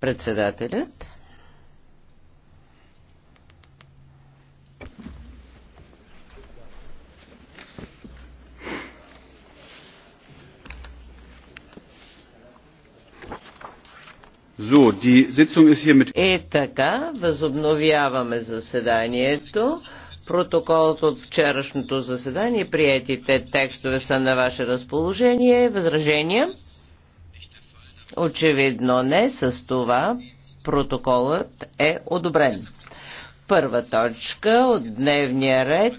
Председателят. So, die Sitzung ist mit И така, възобновяваме заседанието. Протоколът от вчерашното заседание, приятите текстове са на ваше разположение. Възражения? Очевидно не. С това протоколът е одобрен. Първа точка от дневния ред